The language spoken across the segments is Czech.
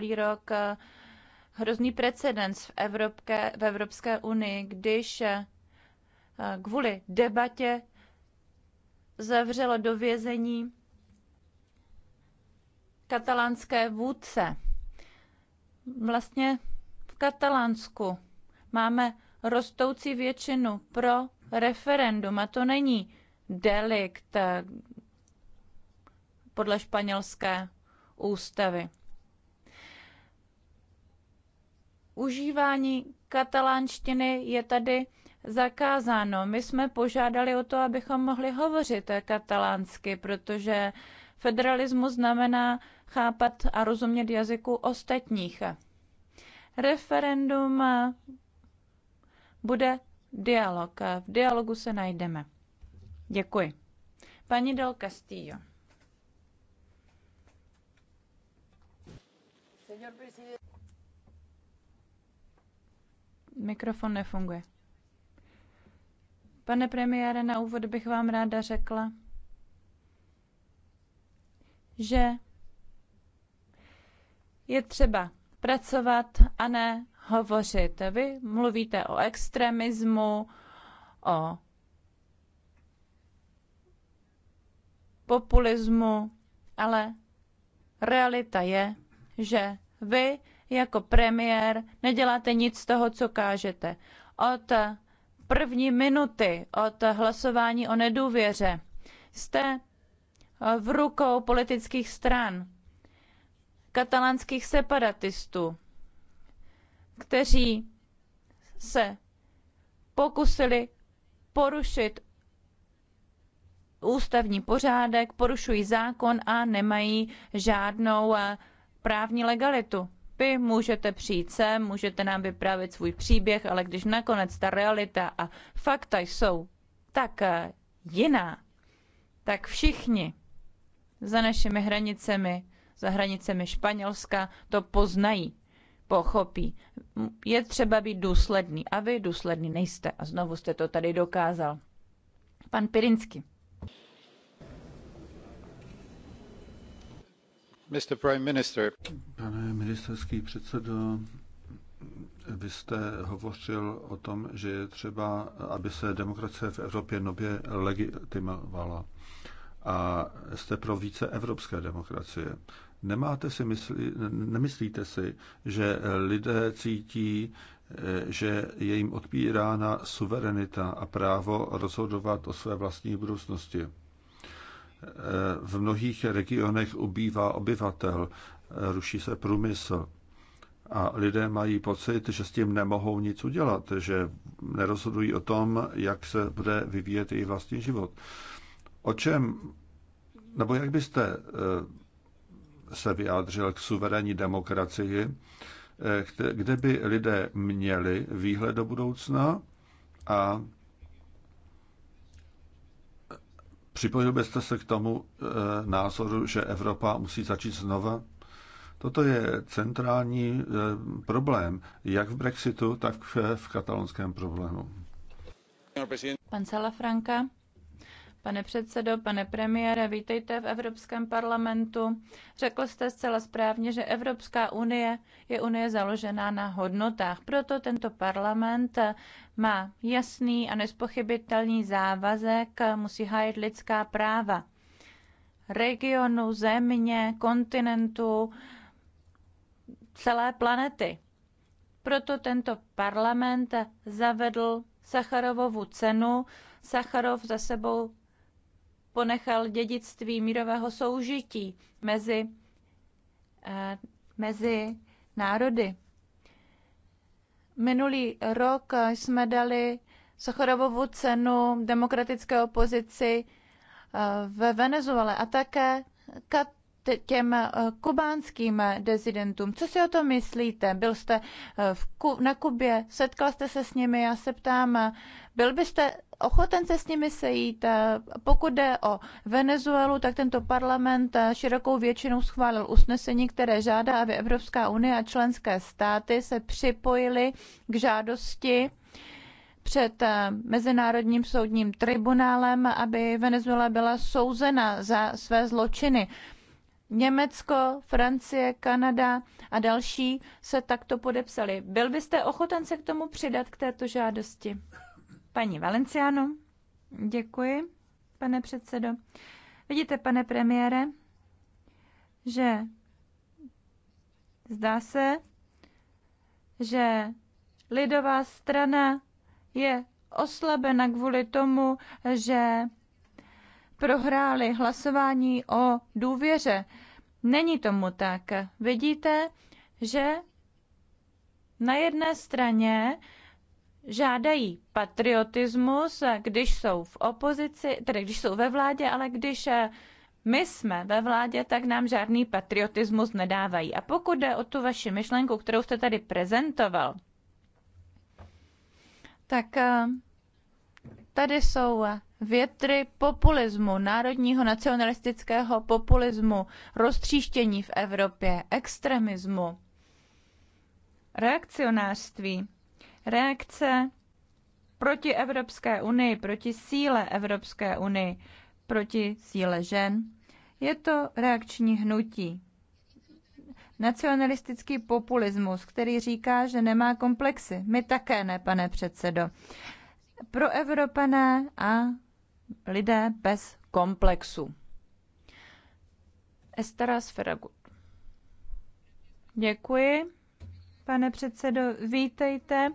minulý rok eh, hrozný precedens v Evropské, v Evropské unii, když eh, kvůli debatě zavřelo do vězení katalánské vůdce. Vlastně v Katalánsku máme rostoucí většinu pro referendum a to není delikt eh, podle španělské ústavy. užívání katalánštiny je tady zakázáno. My jsme požádali o to, abychom mohli hovořit katalánsky, protože federalismus znamená chápat a rozumět jazyku ostatních. Referendum bude dialog. V dialogu se najdeme. Děkuji. Paní Del Castillo. Mikrofon nefunguje. Pane premiére, na úvod bych vám ráda řekla, že je třeba pracovat a ne hovořit. Vy mluvíte o extremismu, o populismu, ale realita je, že vy jako premiér neděláte nic z toho, co kážete. Od první minuty, od hlasování o nedůvěře, jste v rukou politických stran, katalánských separatistů, kteří se pokusili porušit ústavní pořádek, porušují zákon a nemají žádnou eh, právní legalitu vy můžete přijít sem, můžete nám vyprávět svůj příběh, ale když nakonec ta realita a fakta jsou tak eh, jiná, tak všichni za našimi hranicemi, za hranicemi Španělska to poznají, pochopí. Je třeba být důsledný a vy důsledný nejste. A znovu jste to tady dokázal. Pan Pirinsky. Pane ministerský předsedo, vy jste hovořil o tom, že je třeba, aby se demokracie v Evropě nově legitimovala. A jste pro více evropské demokracie. Nemáte si mysli, nemyslíte si, že lidé cítí, že je jim odpírána suverenita a právo rozhodovat o své vlastní budoucnosti? v mnohých regionech ubývá obyvatel, ruší se průmysl a lidé mají pocit, že s tím nemohou nic udělat, že nerozhodují o tom, jak se bude vyvíjet jejich vlastní život. O čem, nebo jak byste eh, se vyjádřil k suverénní demokracii, eh, kde by lidé měli výhled do budoucna a Připojil byste se k tomu e, názoru, že Evropa musí začít znova? Toto je centrální e, problém, jak v Brexitu, tak v katalonském problému. Pan Salafranca. Pane předsedo, pane premiére, vítejte v Evropském parlamentu. Řekl jste zcela správně, že Evropská unie je unie založená na hodnotách. Proto tento parlament má jasný a nespochybitelný závazek, musí hájit lidská práva regionu, země, kontinentu, celé planety. Proto tento parlament zavedl Sacharovovu cenu. Sacharov za sebou ponechal dědictví mírového soužití mezi, eh, mezi národy. Minulý rok jsme dali Sochorovovu cenu demokratické opozici eh, ve Venezuele a také těm eh, kubánským dezidentům. Co si o tom myslíte? Byl jste v na Kubě, setkal jste se s nimi, já se ptám, byl byste ochoten se s nimi sejít. Eh, Pokud jde o Venezuelu, tak tento parlament eh, širokou většinou schválil usnesení, které žádá, aby Evropská unie a členské státy se připojily k žádosti před eh, Mezinárodním soudním tribunálem, aby Venezuela byla souzena za své zločiny. Německo, Francie, Kanada a další se takto podepsali. Byl byste ochoten se k tomu přidat k této žádosti? Paní Valenciano, děkuji, pane předsedo. Vidíte, pane premiére, že zdá se, že lidová strana je oslabena kvůli tomu, že prohráli hlasování o důvěře. Není tomu tak. Vidíte, že na jedné straně žádají patriotismus, když jsou v opozici, tedy když jsou ve vládě, ale když eh, my jsme ve vládě, tak nám žádný patriotismus nedávají. A pokud jde o tu vaši myšlenku, kterou jste tady prezentoval, tak eh, tady jsou eh, větry populismu, národního nacionalistického populismu, roztříštění v Evropě, extremismu, reakcionářství reakce proti Evropské unii, proti síle Evropské unii, proti síle žen. Je to reakční hnutí. Nacionalistický populismus, který říká, že nemá komplexy. My také ne, pane předsedo. Pro Evropané a lidé bez komplexu. Estera Sferagut. Děkuji, pane předsedo. Vítejte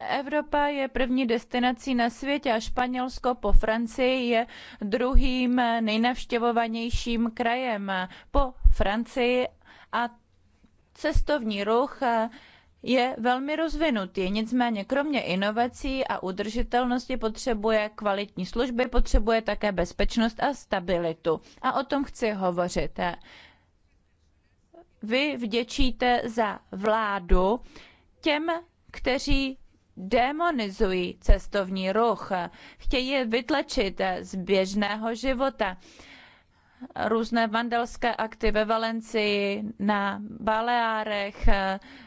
Evropa je první destinací na světě a Španělsko po Francii je druhým nejnavštěvovanějším krajem po Francii a cestovní ruch je velmi rozvinutý. Nicméně kromě inovací a udržitelnosti potřebuje kvalitní služby, potřebuje také bezpečnost a stabilitu. A o tom chci hovořit. Vy vděčíte za vládu těm, kteří démonizují cestovní ruch, chtějí je vytlačit z běžného života. Různé vandalské akty ve Valencii, na Baleárech,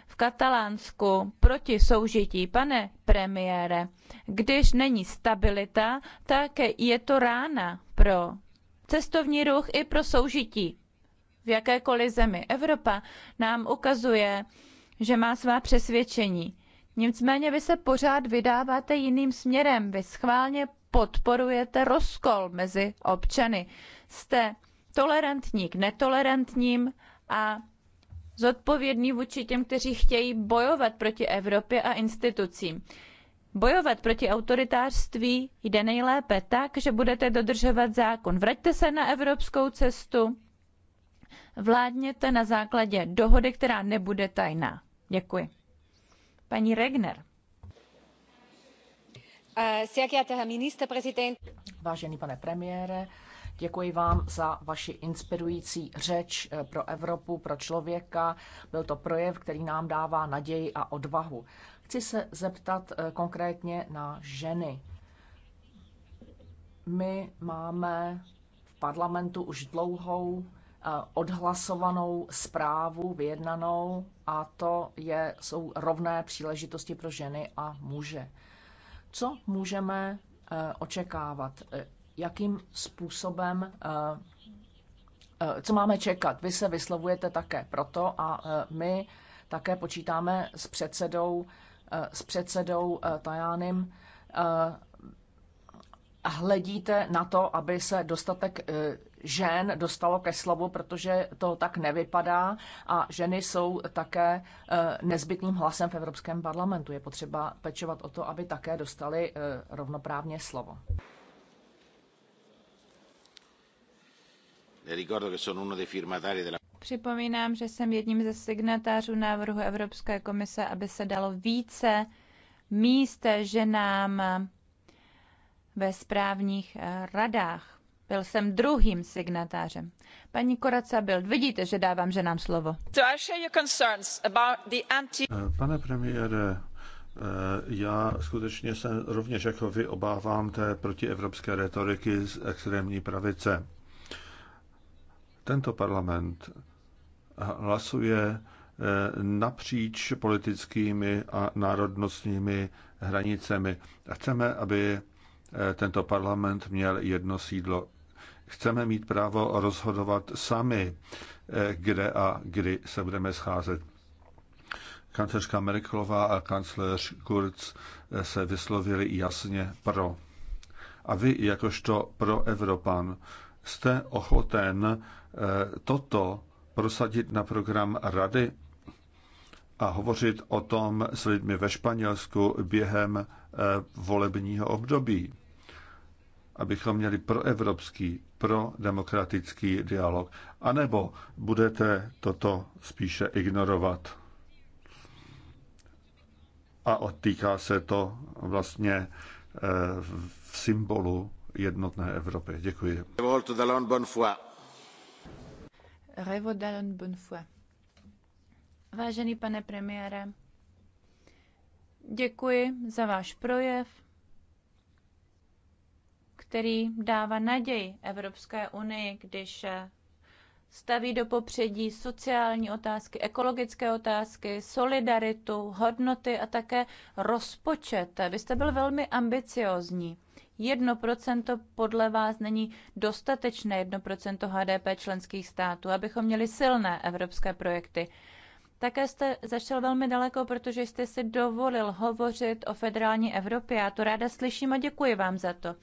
v Katalánsku proti soužití. Pane premiére, když není stabilita, tak je to rána pro cestovní ruch i pro soužití. V jakékoliv zemi Evropa nám ukazuje, že má svá přesvědčení Nicméně vy se pořád vydáváte jiným směrem. Vy schválně podporujete rozkol mezi občany. Jste tolerantní k netolerantním a zodpovědný vůči těm, kteří chtějí bojovat proti Evropě a institucím. Bojovat proti autoritářství jde nejlépe tak, že budete dodržovat zákon. Vraťte se na evropskou cestu, vládněte na základě dohody, která nebude tajná. Děkuji. Paní Regner. Eh, Vážený pane premiére, Děkuji vám za vaši inspirující řeč eh, pro Evropu, pro člověka. Byl to projev, který nám dává naději a odvahu. Chci se zeptat eh, konkrétně na ženy. My máme v parlamentu už dlouhou Eh, odhlasovanou zprávu vyjednanou a to je, jsou rovné příležitosti pro ženy a muže. Co můžeme eh, očekávat? Eh, jakým způsobem co máme čekat? Vy se vyslovujete také proto a my také počítáme s předsedou, s předsedou Tajánem hledíte na to, aby se dostatek žen dostalo ke slovu, protože to tak nevypadá a ženy jsou také eh, nezbytným hlasem v Evropském parlamentu. Je potřeba pečovat o to, aby také dostali eh, rovnoprávně slovo. Připomínám, že jsem jedním ze signatářů návrhu Evropské komise, aby se dalo více míst ženám ve správních eh, radách. Byl jsem druhým signatářem. Paní Koraca byl, vidíte, že dávám ženám slovo. Eh, pane premiére, eh, já skutečně se rovněž jako vy obávám té protievropské retoriky z extrémní pravice. Tento parlament hlasuje eh, napříč politickými a národnostními hranicemi. A chceme, aby tento parlament měl jedno sídlo Chceme mít právo rozhodovat sami, eh, kde a kdy se budeme scházet. Kancelářka Merkelová a kancléř Kurz eh, se vyslovili jasně pro. A vy, jakožto pro Evropan, jste ochoten eh, toto prosadit na program Rady a hovořit o tom s lidmi ve Španělsku během volebního období, abychom měli proevropský pro demokratický dialog? A nebo budete toto spíše ignorovat? A odtýká se to vlastně eh, v symbolu jednotné Evropy. Děkuji. Vážený pane premiére, děkuji za váš projev který dává naději Evropské unii, když eh, staví do popředí sociální otázky, ekologické otázky, solidaritu, hodnoty a také rozpočet. Vy jste byl velmi ambiciozní. 1% podle vás není dostatečné 1% HDP členských států, abychom měli silné evropské projekty. Také jste zašel velmi daleko, protože jste si dovolil hovořit o federální Evropě. Já to ráda slyším a děkuji vám za to.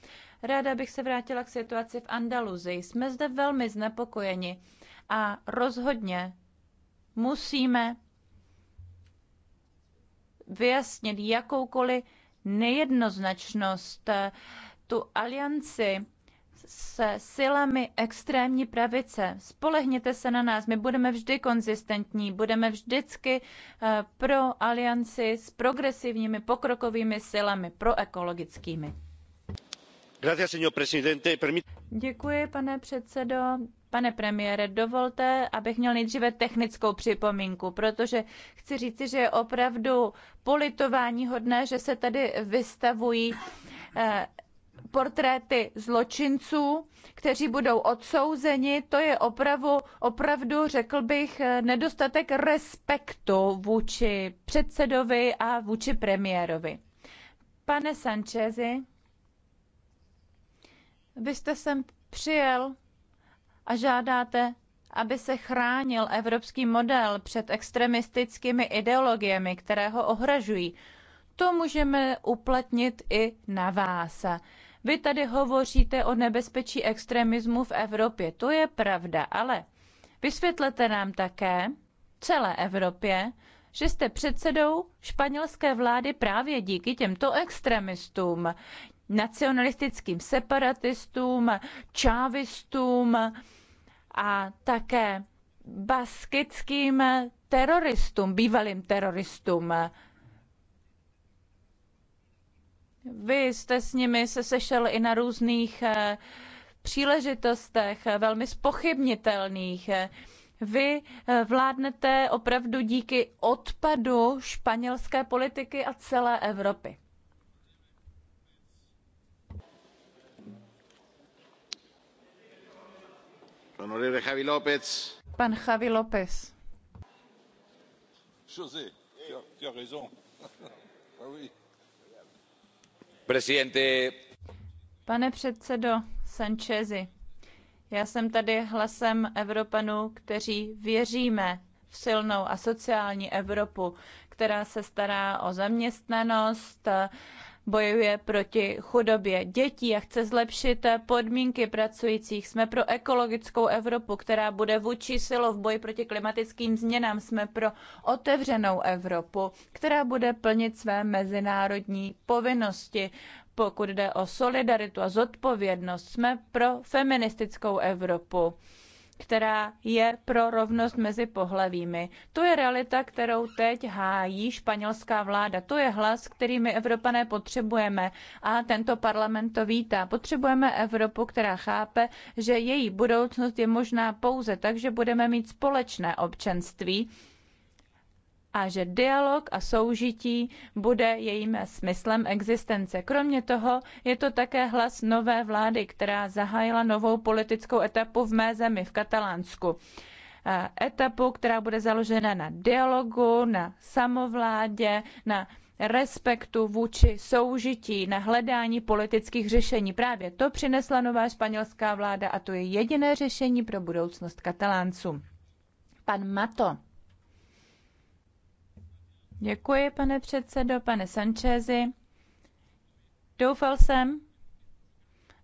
Ráda bych se vrátila k situaci v Andaluzii. Jsme zde velmi znepokojeni a rozhodně musíme vyjasnit jakoukoliv nejednoznačnost, tu alianci se silami extrémní pravice. Spolehněte se na nás, my budeme vždy konzistentní, budeme vždycky eh, pro alianci s progresivními pokrokovými silami, proekologickými. Děkuji, pane předsedající Pane premiére, dovolte, abych měl nejdříve technickou připomínku, protože chci říci, že je opravdu politování že se tady vystavují eh, portréty zločinců, kteří budou odsouzeni. To je opravdu, opravdu, řekl bych, eh, nedostatek respektu vůči předsedovi a vůči premiérovi. Pane Sanchezi, vy jste sem přijel a žádáte, aby se chránil evropský model před extremistickými ideologiemi, které ho ohražují. To můžeme uplatnit i na vás. Vy tady hovoříte o nebezpečí extremismu v Evropě. To je pravda, ale vysvětlete nám také, celé Evropě, že jste předsedou španělské vlády právě díky těmto extremistům nacionalistickým separatistům, čávistům a také baskickým teroristům, bývalým teroristům. Vy jste s nimi se sešel i na různých eh, příležitostech, velmi spochybnitelných. Vy eh, vládnete opravdu díky odpadu španělské politiky a celé Evropy. Javi López. Pan Javi López. José, ah Presidente. Pane předsedo Sanchezi, já jsem tady hlasem Evropanů, kteří věříme v silnou a sociální Evropu, která se stará o zaměstnanost, bojuje proti chudobě dětí a chce zlepšit podmínky pracujících. Jsme pro ekologickou Evropu, která bude vůči silou v boji proti klimatickým změnám. Jsme pro otevřenou Evropu, která bude plnit své mezinárodní povinnosti. Pokud jde o solidaritu a zodpovědnost, jsme pro feministickou Evropu která je pro rovnost mezi pohlavími. To je realita, kterou teď hájí španělská vláda. To je hlas, který my Evropané potřebujeme a tento parlament to vítá. Potřebujeme Evropu, která chápe, že její budoucnost je možná pouze tak, že budeme mít společné občanství, a že dialog a soužití bude jejím smyslem existence. Kromě toho je to také hlas nové vlády, která zahájila novou politickou etapu v mé zemi, v Katalánsku. Etapu, která bude založena na dialogu, na samovládě, na respektu vůči soužití, na hledání politických řešení. Právě to přinesla nová španělská vláda a to je jediné řešení pro budoucnost Katalánců. Pan Mato Děkuji, pane předsedo, pane Sanchezi. Doufal jsem,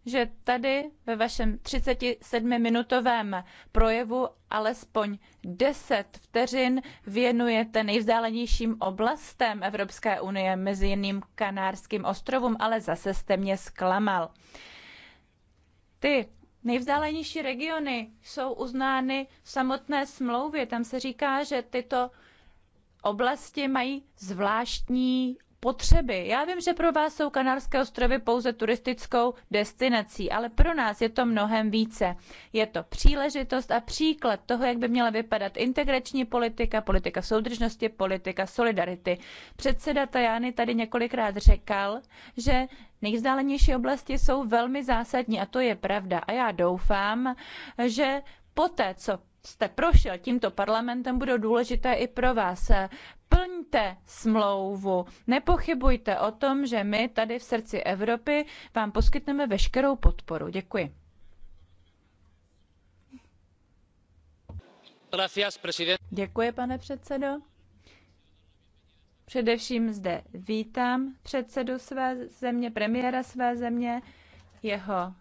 že tady ve vašem 37-minutovém projevu alespoň 10 vteřin věnujete nejvzdálenějším oblastem Evropské unie, mezi jiným Kanárským ostrovům, ale zase jste mě zklamal. Ty nejvzdálenější regiony jsou uznány v samotné smlouvě. Tam se říká, že tyto oblasti mají zvláštní potřeby. Já vím, že pro vás jsou Kanárské ostrovy pouze turistickou destinací, ale pro nás je to mnohem více. Je to příležitost a příklad toho, jak by měla vypadat integrační politika, politika soudržnosti, politika solidarity. Předseda Tajány tady několikrát řekl, že nejvzdálenější oblasti jsou velmi zásadní a to je pravda. A já doufám, že poté, co jste prošel tímto parlamentem, budou důležité i pro vás. Plňte smlouvu. Nepochybujte o tom, že my tady v srdci Evropy vám poskytneme veškerou podporu. Děkuji. Děkuji, pane předsedo. Především zde vítám předsedu své země, premiéra své země, jeho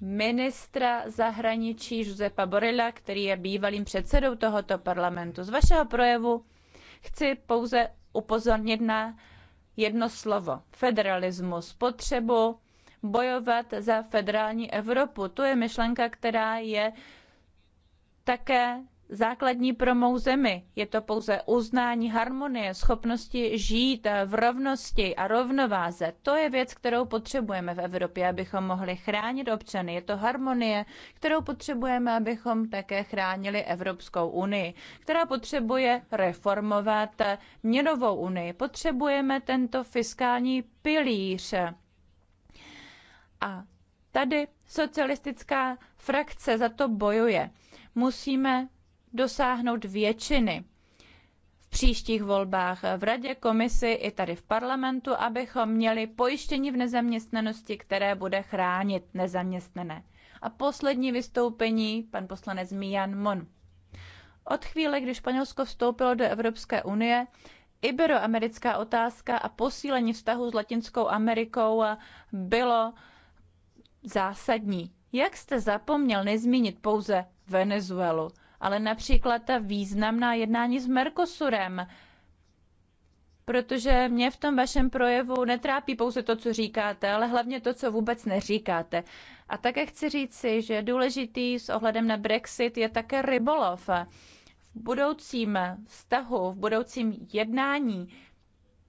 ministra zahraničí Josepa Borela, který je bývalým předsedou tohoto parlamentu. Z vašeho projevu chci pouze upozornit na jedno slovo. Federalismus, potřebu bojovat za federální Evropu. To je myšlenka, která je také základní pro mou zemi. Je to pouze uznání harmonie, schopnosti žít v rovnosti a rovnováze. To je věc, kterou potřebujeme v Evropě, abychom mohli chránit občany. Je to harmonie, kterou potřebujeme, abychom také chránili Evropskou unii, která potřebuje reformovat měnovou unii. Potřebujeme tento fiskální pilíř. A tady socialistická frakce za to bojuje. Musíme dosáhnout většiny v příštích volbách v radě, komisi i tady v parlamentu, abychom měli pojištění v nezaměstnanosti, které bude chránit nezaměstnané. A poslední vystoupení, pan poslanec Mian Mon. Od chvíle, kdy Španělsko vstoupilo do Evropské unie, iberoamerická otázka a posílení vztahu s Latinskou Amerikou bylo zásadní. Jak jste zapomněl nezmínit pouze Venezuelu? ale například ta významná jednání s Mercosurem, protože mě v tom vašem projevu netrápí pouze to, co říkáte, ale hlavně to, co vůbec neříkáte. A také chci říci, že důležitý s ohledem na Brexit je také rybolov. V budoucím vztahu, v budoucím jednání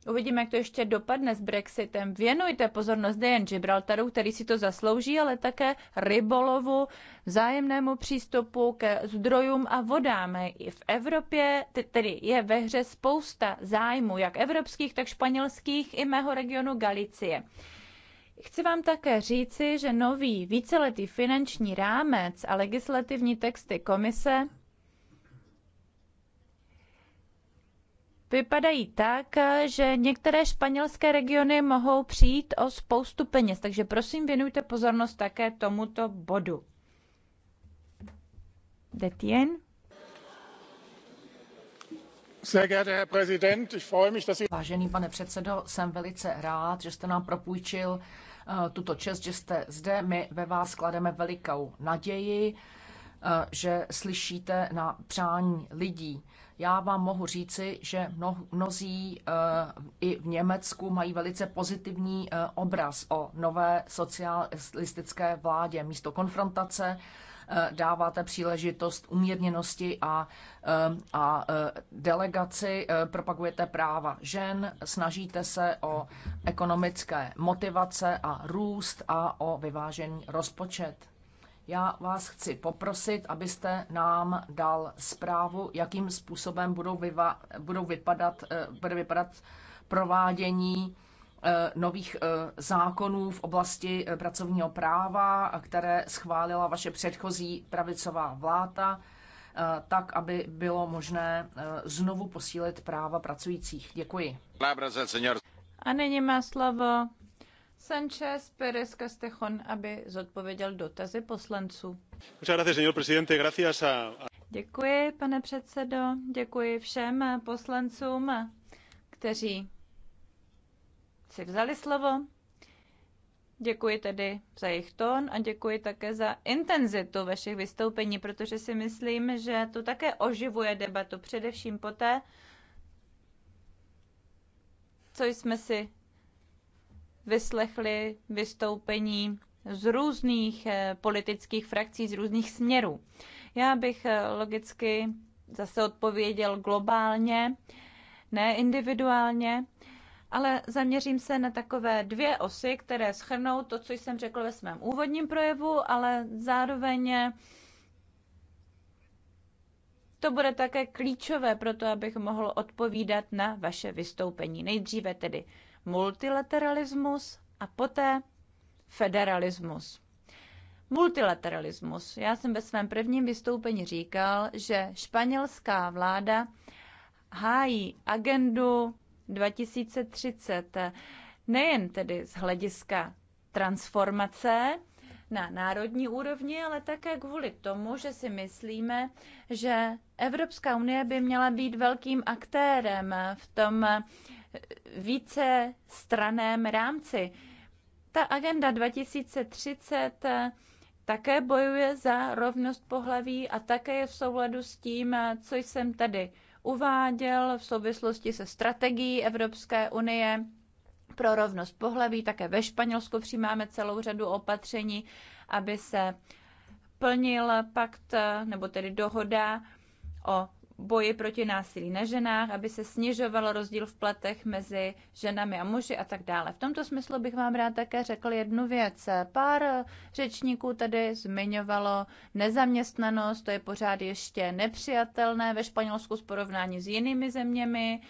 Uvidíme, jak to ještě dopadne s Brexitem. Věnujte pozornost nejen Gibraltaru, který si to zaslouží, ale také rybolovu, vzájemnému přístupu ke zdrojům a vodám. I v Evropě tedy je ve hře spousta zájmů, jak evropských, tak španělských, i mého regionu Galicie. Chci vám také říci, že nový víceletý finanční rámec a legislativní texty komise vypadají tak, že některé španělské regiony mohou přijít o spoustu peněz. Takže prosím, věnujte pozornost také tomuto bodu. Detien. Vážený pane předsedo, jsem velice rád, že jste nám propůjčil eh, tuto čest, že jste zde. My ve vás klademe velikou naději. Eh, že slyšíte na přání lidí. Já vám mohu říci, že mno, mnozí eh, i v Německu mají velice pozitivní eh, obraz o nové socialistické vládě. Místo konfrontace dáváte příležitost umírněnosti a, a delegaci, propagujete práva žen, snažíte se o ekonomické motivace a růst a o vyvážený rozpočet. Já vás chci poprosit, abyste nám dal zprávu, jakým způsobem budou, vyva, budou vypadat, eh, bude vypadat provádění eh, nových eh, zákonů v oblasti pracovního práva, které schválila vaše předchozí pravicová vláda, tak, aby bylo možné znovu posílit práva pracujících. Děkuji. A nyní má slovo Sanchez Pérez Castejón, aby zodpověděl dotazy poslanců. Děkuji, pane předsedo, děkuji všem poslancům, kteří si vzali slovo. Děkuji tedy za jejich tón a děkuji také za intenzitu vašich vystoupení, protože si myslím, že to také oživuje debatu, především poté, co jsme si vyslechli vystoupení z různých eh, politických frakcí, z různých směrů. Já bych eh, logicky zase odpověděl globálně, ne individuálně, ale zaměřím se na takové dvě osy, které schrnou to, co jsem řekl ve svém úvodním projevu, ale zároveň eh, to bude také klíčové pro to, abych mohl odpovídat na vaše vystoupení. Nejdříve tedy multilateralismus a poté federalismus. Multilateralismus. Já jsem ve svém prvním vystoupení říkal, že španělská vláda hájí agendu 2030 nejen tedy z hlediska transformace na národní úrovni, ale také kvůli tomu, že si myslíme, že Evropská unie by měla být velkým aktérem v tom více straném rámci. Ta agenda 2030 také bojuje za rovnost pohlaví a také je v souladu s tím, co jsem tady uváděl v souvislosti se strategií Evropské unie pro rovnost pohlaví. Také ve Španělsku přijímáme celou řadu opatření, aby se plnil pakt nebo tedy dohoda o boji proti násilí na ženách, aby se snižoval rozdíl v platech mezi ženami a muži a tak dále. V tomto smyslu bych vám rád také řekl jednu věc. Pár řečníků tady zmiňovalo nezaměstnanost, to je pořád ještě nepřijatelné ve Španělsku s porovnání s jinými zeměmi,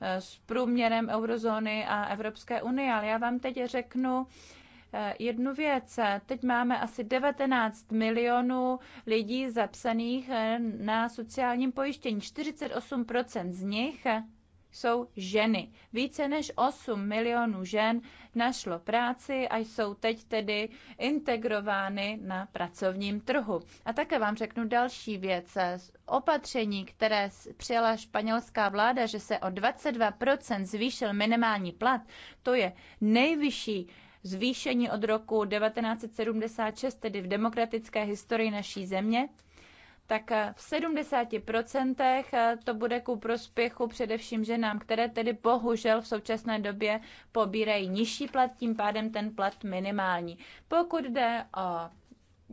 s průměrem eurozóny a Evropské unie, ale já vám teď řeknu, Eh, jednu věc. Teď máme asi 19 milionů lidí zapsaných eh, na sociálním pojištění. 48% z nich eh, jsou ženy. Více než 8 milionů žen našlo práci a jsou teď tedy integrovány na pracovním trhu. A také vám řeknu další věc. Opatření, které přijala španělská vláda, že se o 22% zvýšil minimální plat, to je nejvyšší zvýšení od roku 1976, tedy v demokratické historii naší země, tak v 70% to bude ku prospěchu především ženám, které tedy bohužel v současné době pobírají nižší plat, tím pádem ten plat minimální. Pokud jde o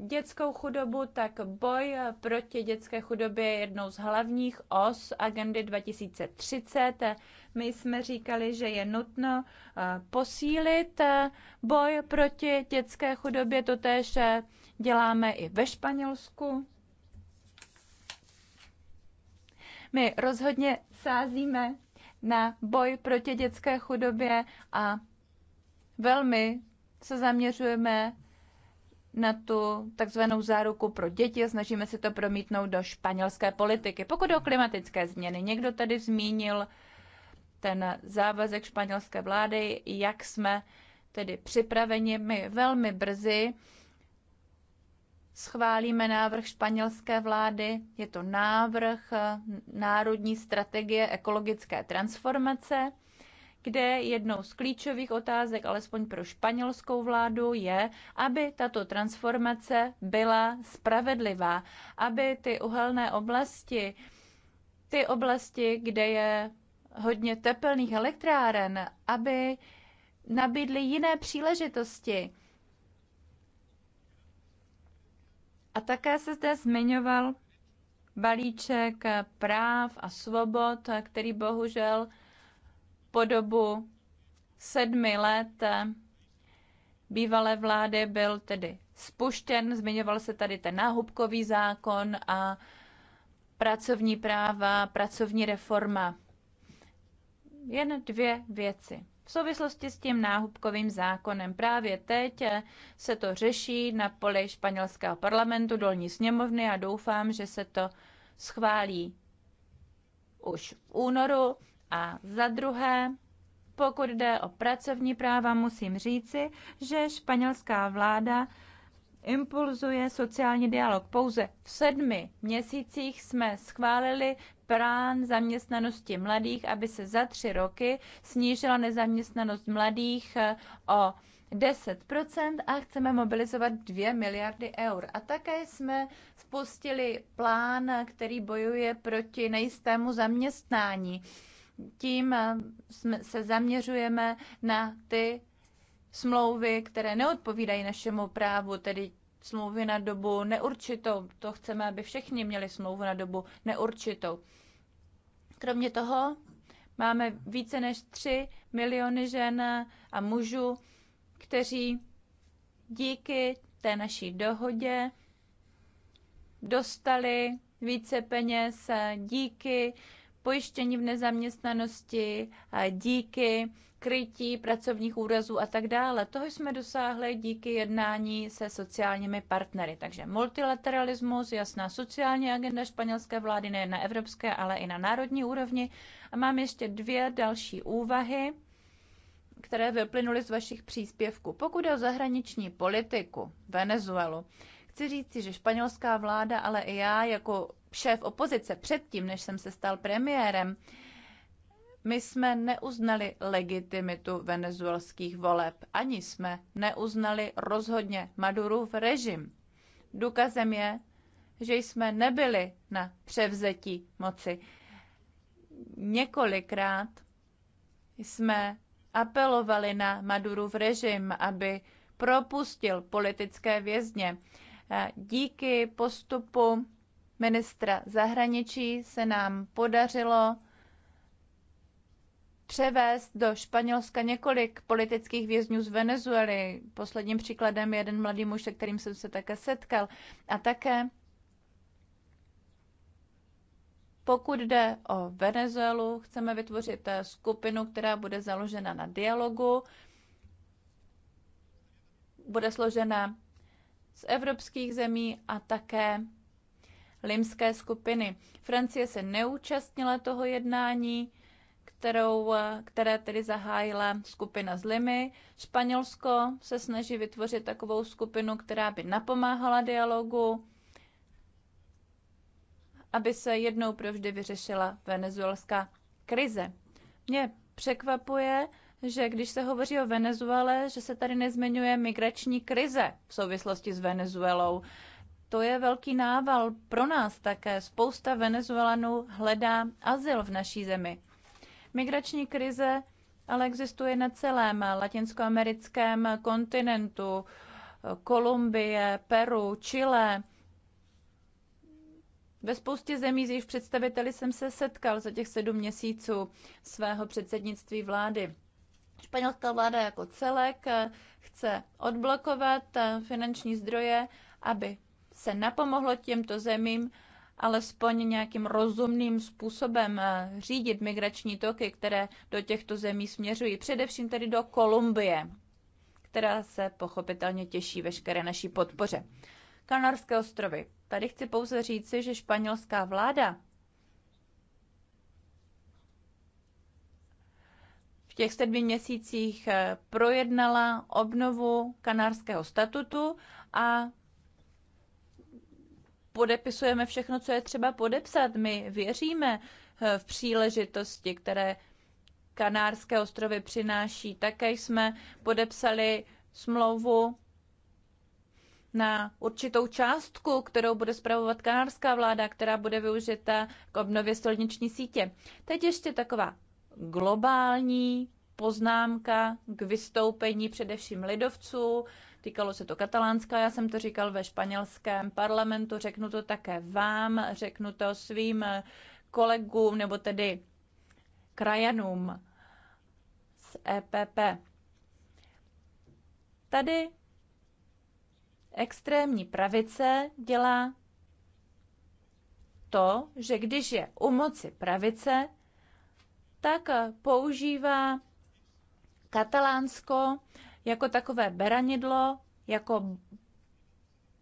dětskou chudobu, tak boj proti dětské chudobě je jednou z hlavních os agendy 2030. My jsme říkali, že je nutno eh, posílit eh, boj proti dětské chudobě, to též eh, děláme i ve Španělsku. My rozhodně sázíme na boj proti dětské chudobě a velmi se zaměřujeme na tu takzvanou záruku pro děti a snažíme se to promítnout do španělské politiky. Pokud o klimatické změny, někdo tady zmínil ten závazek španělské vlády, jak jsme tedy připraveni. My velmi brzy schválíme návrh španělské vlády. Je to návrh Národní strategie ekologické transformace, kde jednou z klíčových otázek, alespoň pro španělskou vládu, je, aby tato transformace byla spravedlivá, aby ty uhelné oblasti, ty oblasti, kde je hodně tepelných elektráren, aby nabídly jiné příležitosti. A také se zde zmiňoval balíček práv a svobod, který bohužel po dobu sedmi let bývalé vlády byl tedy spuštěn. Zmiňoval se tady ten náhubkový zákon a pracovní práva, pracovní reforma jen dvě věci. V souvislosti s tím náhubkovým zákonem právě teď se to řeší na poli španělského parlamentu dolní sněmovny a doufám, že se to schválí už v únoru. A za druhé, pokud jde o pracovní práva, musím říci, že španělská vláda impulzuje sociální dialog. Pouze v sedmi měsících jsme schválili plán zaměstnanosti mladých, aby se za tři roky snížila nezaměstnanost mladých eh, o 10% a chceme mobilizovat 2 miliardy eur. A také jsme spustili plán, který bojuje proti nejistému zaměstnání. Tím eh, se zaměřujeme na ty smlouvy, které neodpovídají našemu právu, tedy smlouvy na dobu neurčitou. To chceme, aby všichni měli smlouvu na dobu neurčitou. Kromě toho máme více než 3 miliony žen a mužů, kteří díky té naší dohodě dostali více peněz díky v nezaměstnanosti, díky krytí pracovních úrazů a tak dále. Toho jsme dosáhli díky jednání se sociálními partnery. Takže multilateralismus, jasná sociální agenda španělské vlády, nejen na evropské, ale i na národní úrovni. A mám ještě dvě další úvahy, které vyplynuly z vašich příspěvků. Pokud je o zahraniční politiku, Venezuelu, Chci říci, že španělská vláda, ale i já jako šéf opozice předtím, než jsem se stal premiérem, my jsme neuznali legitimitu venezuelských voleb, ani jsme neuznali rozhodně Madurův režim. Důkazem je, že jsme nebyli na převzetí moci. Několikrát jsme apelovali na Madurův režim, aby propustil politické vězně díky postupu ministra zahraničí se nám podařilo převést do Španělska několik politických vězňů z Venezuely. Posledním příkladem je jeden mladý muž, se kterým jsem se také setkal. A také pokud jde o Venezuelu, chceme vytvořit eh, skupinu, která bude založena na dialogu, bude složena z evropských zemí a také limské skupiny. Francie se neúčastnila toho jednání, kterou, které tedy zahájila skupina z Limy. Španělsko se snaží vytvořit takovou skupinu, která by napomáhala dialogu, aby se jednou provždy vyřešila venezuelská krize. Mě překvapuje, že když se hovoří o Venezuele, že se tady nezmiňuje migrační krize v souvislosti s Venezuelou. To je velký nával pro nás také. Spousta Venezuelanů hledá azyl v naší zemi. Migrační krize ale existuje na celém latinskoamerickém kontinentu. Kolumbie, Peru, Chile. Ve spoustě zemí, z jejich představiteli jsem se setkal za těch sedm měsíců svého předsednictví vlády. Španělská vláda jako celek eh, chce odblokovat eh, finanční zdroje, aby se napomohlo těmto zemím alespoň nějakým rozumným způsobem eh, řídit migrační toky, které do těchto zemí směřují, především tedy do Kolumbie, která se pochopitelně těší veškeré naší podpoře. Kanarské ostrovy. Tady chci pouze říci, že španělská vláda v těch sedmi měsících eh, projednala obnovu kanárského statutu a podepisujeme všechno, co je třeba podepsat. My věříme eh, v příležitosti, které Kanárské ostrovy přináší. Také jsme podepsali smlouvu na určitou částku, kterou bude spravovat kanárská vláda, která bude využita k obnově stolniční sítě. Teď ještě taková globální poznámka k vystoupení především lidovců. Týkalo se to Katalánska, já jsem to říkal ve španělském parlamentu, řeknu to také vám, řeknu to svým kolegům nebo tedy krajanům z EPP. Tady extrémní pravice dělá to, že když je u moci pravice, tak eh, používá Katalánsko jako takové beranidlo, jako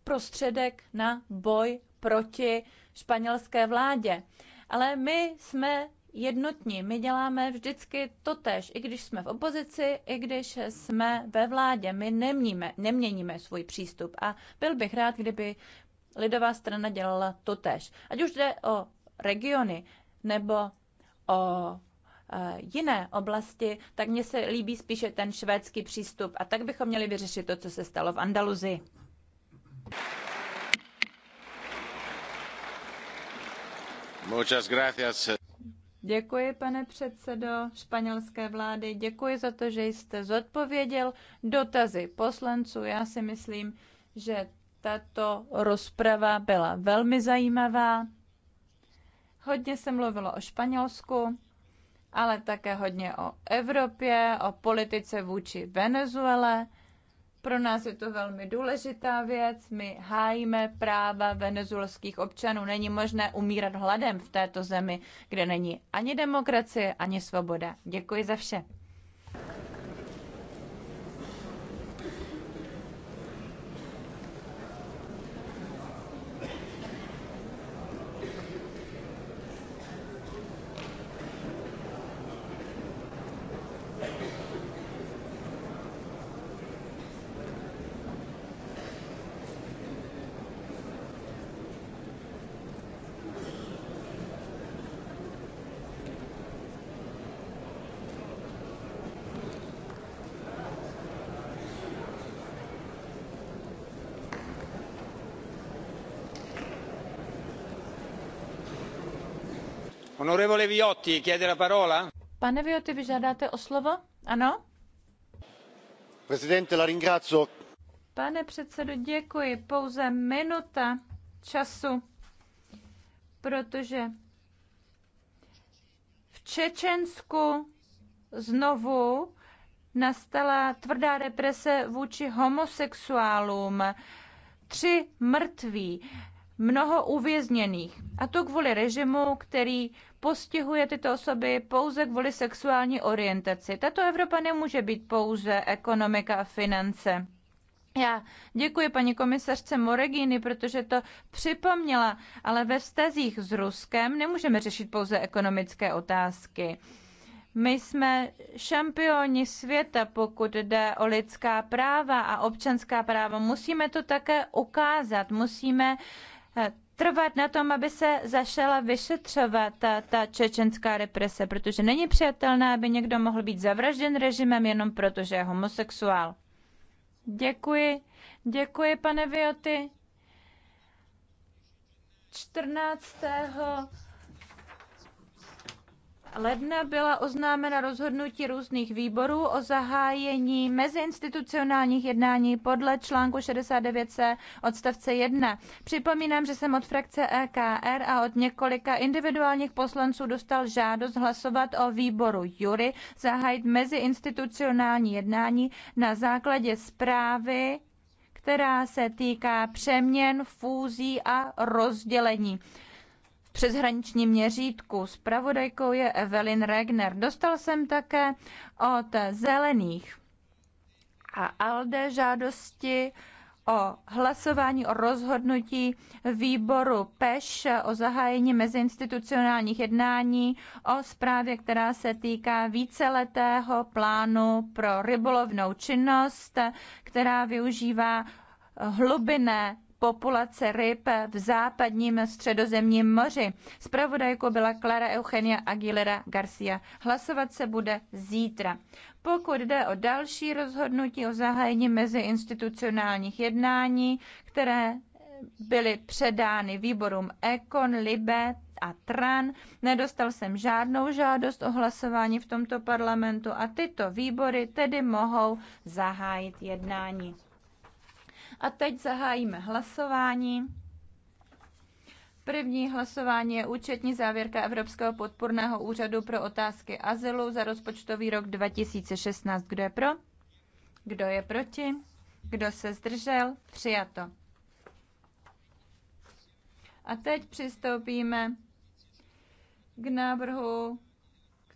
prostředek na boj proti španělské vládě. Ale my jsme jednotní, my děláme vždycky to tež, i když jsme v opozici, i když jsme ve vládě. My nemníme, neměníme svůj přístup a byl bych rád, kdyby lidová strana dělala to tež. Ať už jde o regiony nebo o Eh, jiné oblasti, tak mně se líbí spíše ten švédský přístup a tak bychom měli vyřešit to, co se stalo v Andaluzii. Děkuji, pane předsedo španělské vlády. Děkuji za to, že jste zodpověděl dotazy poslanců. Já si myslím, že tato rozprava byla velmi zajímavá. Hodně se mluvilo o Španělsku ale také hodně o Evropě, o politice vůči Venezuele. Pro nás je to velmi důležitá věc. My hájíme práva venezuelských občanů. Není možné umírat hladem v této zemi, kde není ani demokracie, ani svoboda. Děkuji za vše. Onorevole Viotti, chiede la parola? Pane Viotti, vy žádáte o slovo? Ano? Presidente, la ringrazio. Pane předsedo, děkuji. Pouze minuta času, protože v Čečensku znovu nastala tvrdá represe vůči homosexuálům. Tři mrtví mnoho uvězněných. A to kvůli režimu, který postihuje tyto osoby pouze kvůli sexuální orientaci. Tato Evropa nemůže být pouze ekonomika a finance. Já děkuji paní komisařce Moregini, protože to připomněla, ale ve vztazích s Ruskem nemůžeme řešit pouze ekonomické otázky. My jsme šampioni světa, pokud jde o lidská práva a občanská práva. Musíme to také ukázat, musíme Eh, trvat na tom, aby se zašela vyšetřovat ta, ta čečenská represe, protože není přijatelné, aby někdo mohl být zavražděn režimem jenom proto, že je homosexuál. Děkuji, děkuji, pane Vioty. 14 ledna byla oznámena rozhodnutí různých výborů o zahájení meziinstitucionálních jednání podle článku 69c odstavce 1. Připomínám, že jsem od frakce EKR a od několika individuálních poslanců dostal žádost hlasovat o výboru Jury zahájit meziinstitucionální jednání na základě zprávy která se týká přeměn, fúzí a rozdělení přeshraničním měřítku. Spravodajkou je Evelyn Regner. Dostal jsem také od Zelených a ALDE žádosti o hlasování o rozhodnutí výboru PEŠ o zahájení meziinstitucionálních jednání o zprávě, která se týká víceletého plánu pro rybolovnou činnost, která využívá hlubinné populace ryb v západním středozemním moři. Spravodajkou byla Clara Eugenia Aguilera Garcia. Hlasovat se bude zítra. Pokud jde o další rozhodnutí o zahájení meziinstitucionálních jednání, které byly předány výborům Econ, Libe a Tran. Nedostal jsem žádnou žádost o hlasování v tomto parlamentu a tyto výbory tedy mohou zahájit jednání. A teď zahájíme hlasování. První hlasování je účetní závěrka Evropského podporného úřadu pro otázky azylu za rozpočtový rok 2016. Kdo je pro? Kdo je proti? Kdo se zdržel? Přijato. A teď přistoupíme k návrhu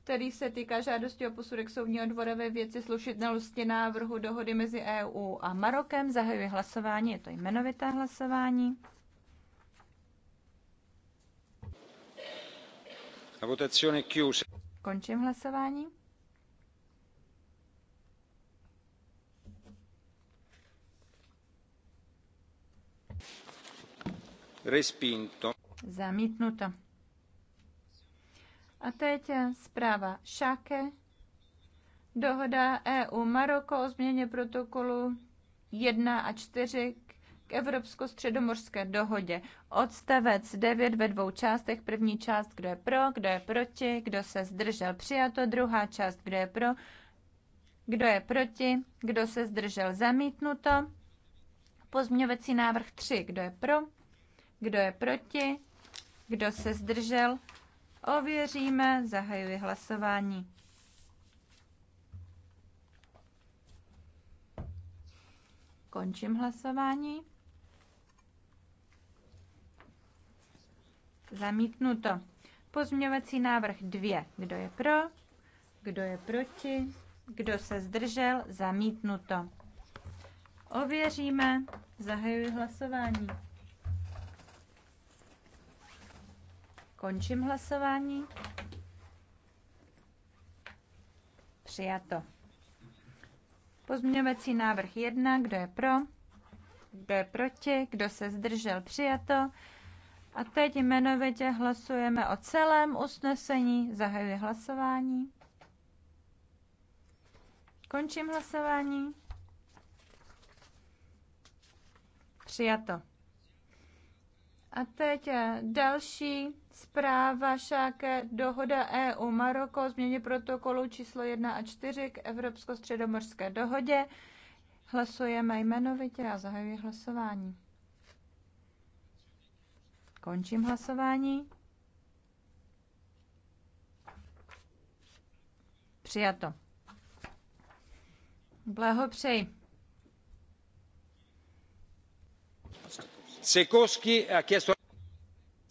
který se týká žádosti o posudek soudního dvora ve věci slušitelnosti návrhu dohody mezi EU a Marokem. Zahajuji hlasování, je to jmenovité hlasování. La votazione chiusa. Končím hlasování. Respinto. Zamítnuto. A teď zpráva Šáke. Dohoda EU Maroko o změně protokolu 1 a 4 k Evropsko-středomorské dohodě. Odstavec 9 ve dvou částech. První část, kdo je pro, kdo je proti, kdo se zdržel přijato. Druhá část, kdo je pro, kdo je proti, kdo se zdržel zamítnuto. Pozměňovací návrh 3, kdo je pro, kdo je proti, kdo se zdržel Ověříme, zahajuji hlasování. Končím hlasování. Zamítnuto. Pozměňovací návrh 2. Kdo je pro? Kdo je proti? Kdo se zdržel? Zamítnuto. Ověříme. Zahajuji hlasování. Končím hlasování. Přijato. Pozměňovací návrh 1. Kdo je pro? Kdo je proti? Kdo se zdržel? Přijato. A teď jmenovitě hlasujeme o celém usnesení. Zahajuji hlasování. Končím hlasování. Přijato. A teď eh, další Zpráva Šáke, dohoda EU Maroko o změně protokolu číslo 1 a 4 k Evropsko-středomorské dohodě. Hlasujeme jmenovitě a zahajuji hlasování. Končím hlasování. Přijato. Blahopřeji. Sikorsky a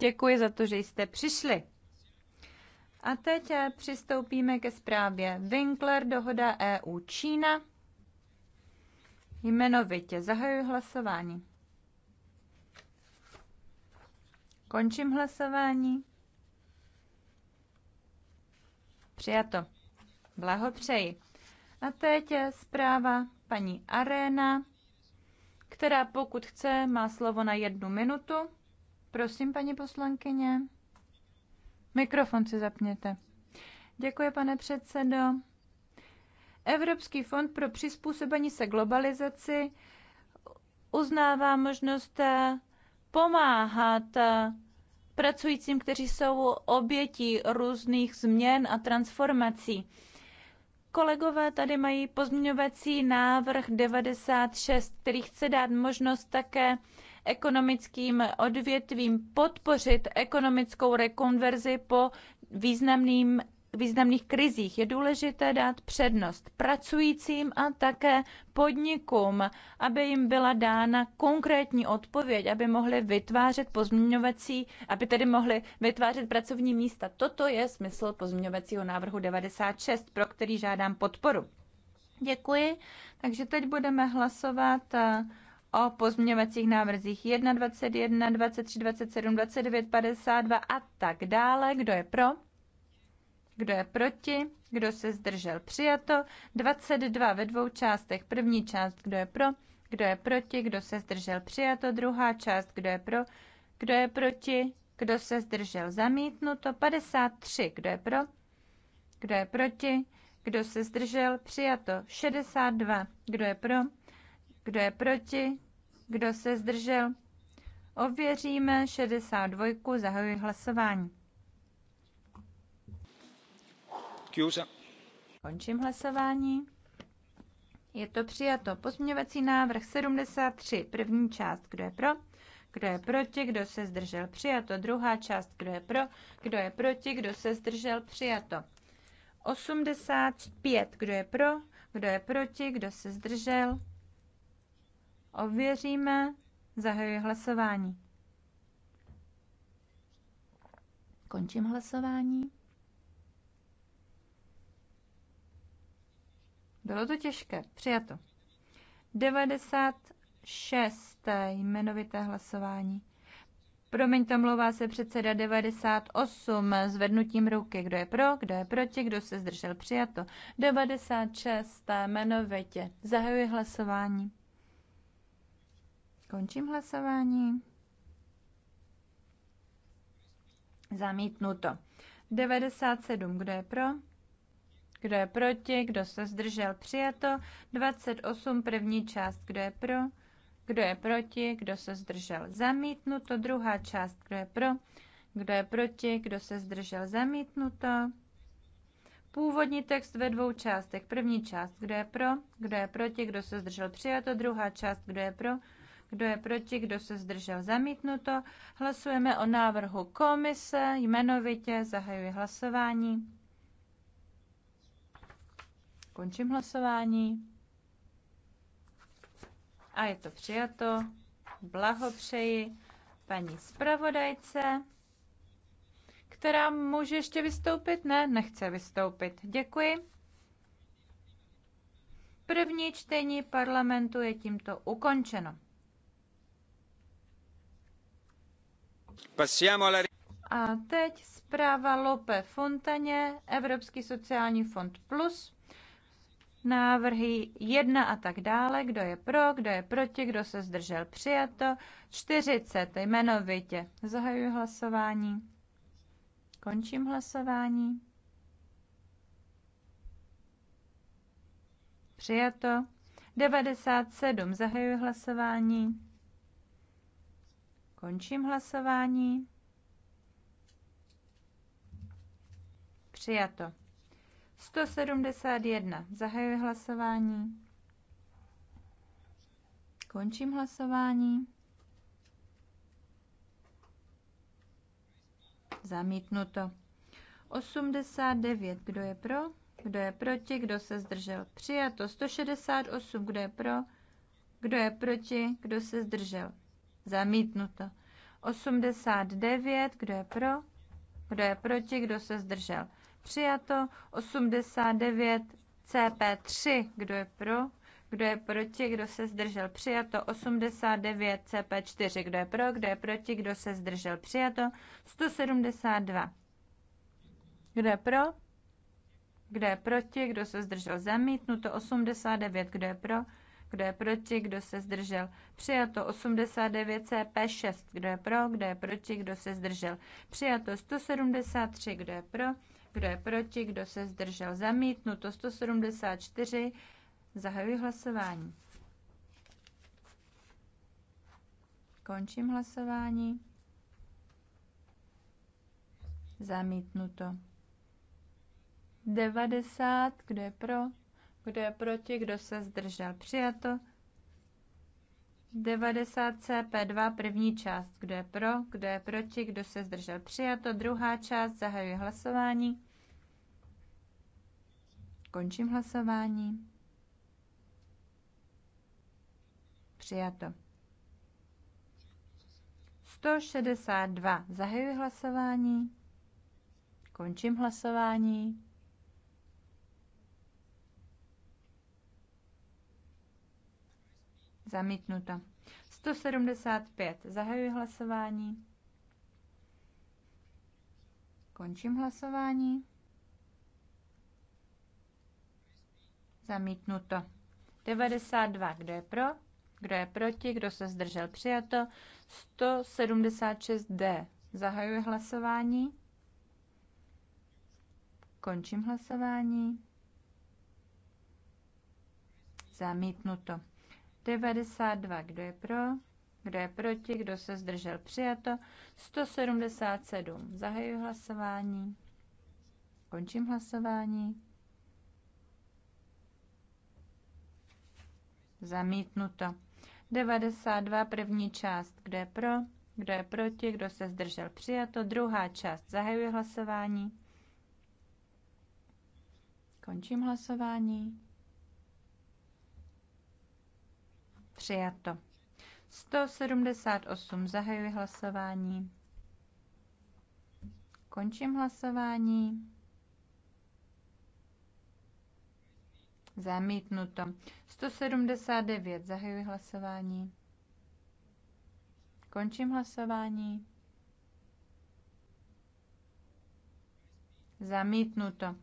Děkuji za to, že jste přišli. A teď přistoupíme ke zprávě Winkler, dohoda EU Čína. Jmenovitě zahajuji hlasování. Končím hlasování. Přijato. Blahopřeji. A teď je zpráva paní Arena, která pokud chce, má slovo na jednu minutu. Prosím, paní poslankyně. Mikrofon si zapněte. Děkuji, pane předsedo. Evropský fond pro přizpůsobení se globalizaci uznává možnost eh, pomáhat eh, pracujícím, kteří jsou obětí různých změn a transformací. Kolegové tady mají pozměňovací návrh 96, který chce dát možnost také ekonomickým odvětvím podpořit ekonomickou rekonverzi po významným, významných krizích. Je důležité dát přednost pracujícím a také podnikům, aby jim byla dána konkrétní odpověď, aby mohli vytvářet pozměňovací, aby tedy mohli vytvářet pracovní místa. Toto je smysl pozměňovacího návrhu 96, pro který žádám podporu. Děkuji. Takže teď budeme hlasovat eh, o pozměňovacích návrzích 1, 21, 23, 27, 29, 52 a tak dále. Kdo je pro? Kdo je proti? Kdo se zdržel? Přijato. 22 ve dvou částech. První část, kdo je pro? Kdo je proti? Kdo se zdržel? Přijato. Druhá část, kdo je pro? Kdo je proti? Kdo se zdržel? Zamítnuto. 53. Kdo je pro? Kdo je proti? Kdo se zdržel? Přijato. 62. Kdo je pro? Kdo je proti? Kdo se zdržel? Ověříme 62. Zahajuji hlasování. Chiusa. Končím hlasování. Je to přijato. Pozměňovací návrh 73, první část, kdo je pro, kdo je proti, kdo se zdržel, přijato. Druhá část, kdo je pro, kdo je proti, kdo se zdržel, přijato. 85, kdo je pro, kdo je proti, kdo se zdržel, Ověříme. Zahajuji hlasování. Končím hlasování. Bylo to těžké. Přijato. 96. jmenovité hlasování. Promiňte, mluvá se předseda 98 zvednutím ruky. Kdo je pro, kdo je proti, kdo se zdržel přijato. 96. jmenovitě. Zahajuji hlasování. Končím hlasování. Zamítnuto. 97, kdo je pro? Kdo je proti? Kdo se zdržel? Přijato. 28, první část, kdo je pro? Kdo je proti? Kdo se zdržel? Zamítnuto. Druhá část, kdo je pro? Kdo je proti? Kdo se zdržel? Zamítnuto. Původní text ve dvou částech. První část, kdo je pro? Kdo je proti? Kdo se zdržel? Přijato. Druhá část, kdo je pro? Kdo je proti? Kdo se zdržel? Zamítnuto. Hlasujeme o návrhu komise. Jmenovitě zahajuji hlasování. Končím hlasování. A je to přijato. Blahopřeji paní zpravodajce, která může ještě vystoupit? Ne, nechce vystoupit. Děkuji. První čtení parlamentu je tímto ukončeno. A teď zpráva Lope Fontaně, Evropský sociální fond plus, návrhy 1 a tak dále, kdo je pro, kdo je proti, kdo se zdržel přijato, 40 jmenovitě. Zahajuji hlasování. Končím hlasování. Přijato. 97. Zahajuji hlasování. Končím hlasování. Přijato. 171. Zahajuji hlasování. Končím hlasování. Zamítnuto. 89. Kdo je pro? Kdo je proti? Kdo se zdržel? Přijato. 168. Kdo je pro? Kdo je proti? Kdo se zdržel? Zamítnuto. 89, kdo je pro? Kdo je proti? Kdo se zdržel? Přijato. 89 CP3, kdo je pro? Kdo je proti? Kdo se zdržel? Přijato. 89 CP4, kdo je pro? Kdo je proti? Kdo se zdržel? Přijato. 172. Kdo je pro? Kdo je proti? Kdo se zdržel? Zamítnuto. 89, kdo je pro? kdo je proti, kdo se zdržel. Přijato 89 CP6, kdo je pro, kdo je proti, kdo se zdržel. Přijato 173, kdo je pro, kdo je proti, kdo se zdržel. Zamítnuto 174, zahajuji hlasování. Končím hlasování. Zamítnuto. 90, kdo je pro, kdo je proti? Kdo se zdržel? Přijato. 90 CP2 první část. Kdo je pro? Kdo je proti? Kdo se zdržel? Přijato. Druhá část. Zahajuji hlasování. Končím hlasování. Přijato. 162. Zahajuji hlasování. Končím hlasování. Zamítnuto. 175. Zahajuji hlasování. Končím hlasování. Zamítnuto. 92. Kdo je pro? Kdo je proti? Kdo se zdržel? Přijato. 176D. Zahajuji hlasování. Končím hlasování. Zamítnuto. 92. Kdo je pro? Kdo je proti? Kdo se zdržel? Přijato. 177. Zahajuji hlasování. Končím hlasování. Zamítnuto. 92. První část. Kdo je pro? Kdo je proti? Kdo se zdržel? Přijato. Druhá část. Zahajuji hlasování. Končím hlasování. Přijato. 178. Zahajuji hlasování. Končím hlasování. Zamítnuto. 179. Zahajuji hlasování. Končím hlasování. Zamítnuto.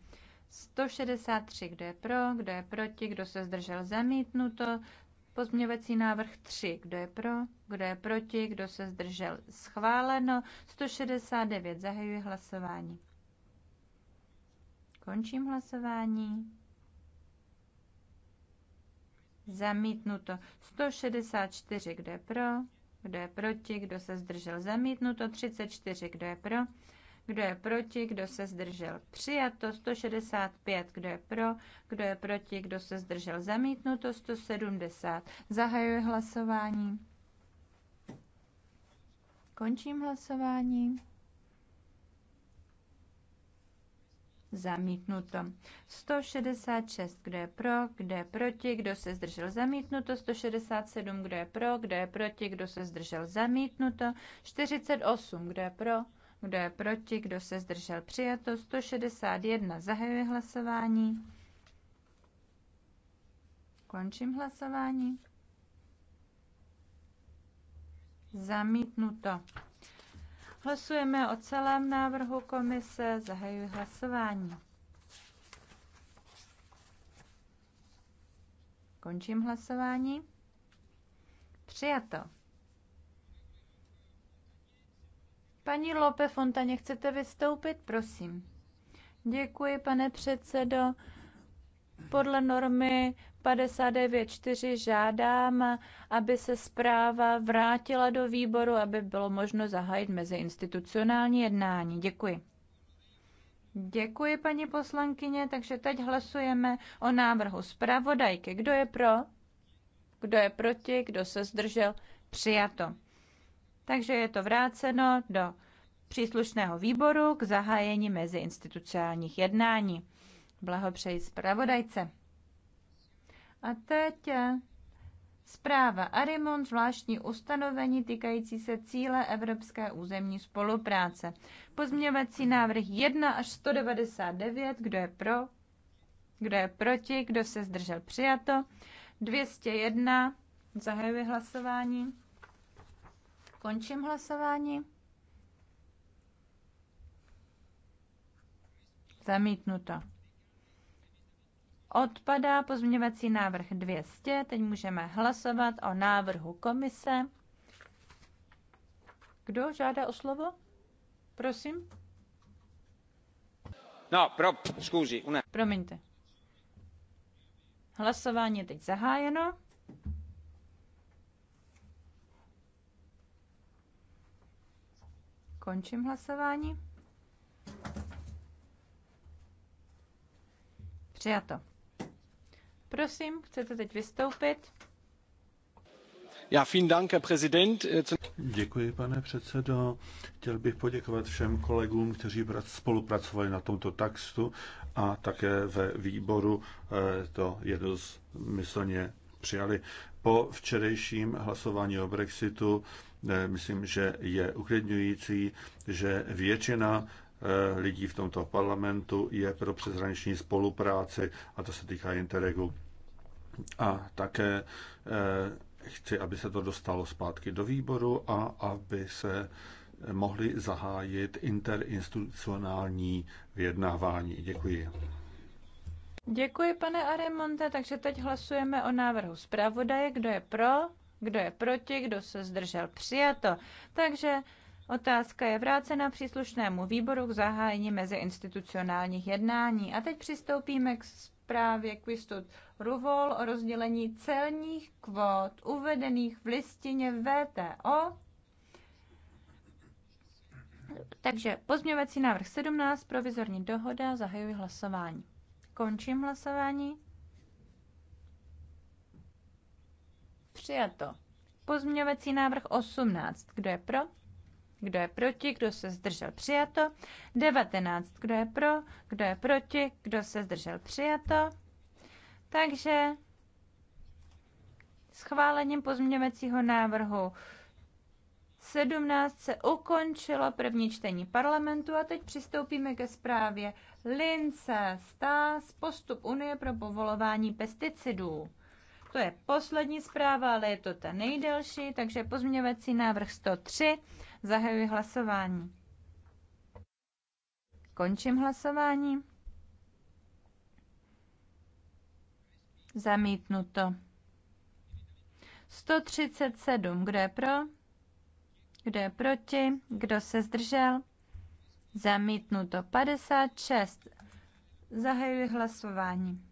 163. Kdo je pro, kdo je proti, kdo se zdržel zamítnuto. Pozměňovací návrh 3. Kdo je pro? Kdo je proti? Kdo se zdržel? Schváleno. 169. Zahajuji hlasování. Končím hlasování. Zamítnuto. 164. Kdo je pro? Kdo je proti? Kdo se zdržel? Zamítnuto. 34. Kdo je pro? kdo je proti, kdo se zdržel. Přijato 165, kdo je pro, kdo je proti, kdo se zdržel. Zamítnuto 170. Zahajuji hlasování. Končím hlasování. Zamítnuto. 166, kdo je pro, kdo je proti, kdo se zdržel zamítnuto. 167, kdo je pro, kdo je proti, kdo se zdržel zamítnuto. 48, kdo je pro, kdo je proti, kdo se zdržel přijato, 161 Zahajuji hlasování, končím hlasování, zamítnuto. Hlasujeme o celém návrhu komise, zahajuji hlasování. Končím hlasování. Přijato. Paní Lope Fontaně, chcete vystoupit? Prosím. Děkuji, pane předsedo. Podle normy 59.4 žádám, aby se zpráva vrátila do výboru, aby bylo možno zahájit meziinstitucionální jednání. Děkuji. Děkuji, paní poslankyně. Takže teď hlasujeme o návrhu zpravodajky. Kdo je pro? Kdo je proti? Kdo se zdržel? Přijato. Takže je to vráceno do příslušného výboru k zahájení meziinstitucionálních jednání. Blahopřeji zpravodajce. A teď eh, zpráva Arimon, zvláštní ustanovení týkající se cíle Evropské územní spolupráce. Pozměňovací návrh 1 až 199, kdo je pro, kdo je proti, kdo se zdržel přijato. 201, zahajuji hlasování. Končím hlasování. Zamítnuto. Odpadá pozměňovací návrh 200. Teď můžeme hlasovat o návrhu komise. Kdo žádá o slovo? Prosím. No, pro, scusi, Promiňte. Hlasování je teď zahájeno. Končím hlasování. Přijato. Prosím, chcete teď vystoupit? Ja, vielen Dank, Herr Präsident. Děkuji, pane předsedo. Chtěl bych poděkovat všem kolegům, kteří spolupracovali na tomto textu a také ve výboru eh, to jednozmyslně přijali. Po včerejším hlasování o Brexitu myslím, že je uklidňující, že většina eh, lidí v tomto parlamentu je pro přeshraniční spolupráci a to se týká Interregu. A také eh, chci, aby se to dostalo zpátky do výboru a aby se mohli zahájit interinstitucionální vyjednávání. Děkuji. Děkuji, pane Aremonte. Takže teď hlasujeme o návrhu zpravodaje. Kdo je pro? kdo je proti, kdo se zdržel přijato. Takže otázka je vrácena příslušnému výboru k zahájení meziinstitucionálních jednání. A teď přistoupíme k zprávě Quistud Ruvol o rozdělení celních kvót uvedených v listině VTO. Takže pozměňovací návrh 17, provizorní dohoda, zahajuji hlasování. Končím hlasování. Přijato. Pozměňovací návrh 18. Kdo je pro? Kdo je proti? Kdo se zdržel? Přijato. 19. Kdo je pro? Kdo je proti? Kdo se zdržel? Přijato. Takže schválením pozměňovacího návrhu 17 se ukončilo první čtení parlamentu a teď přistoupíme ke zprávě Lince Stas postup Unie pro povolování pesticidů. To je poslední zpráva, ale je to ta nejdelší, takže pozměňovací návrh 103. Zahajuji hlasování. Končím hlasování. Zamítnuto. 137. Kdo je pro? Kdo je proti? Kdo se zdržel? Zamítnuto. 56. Zahajuji hlasování.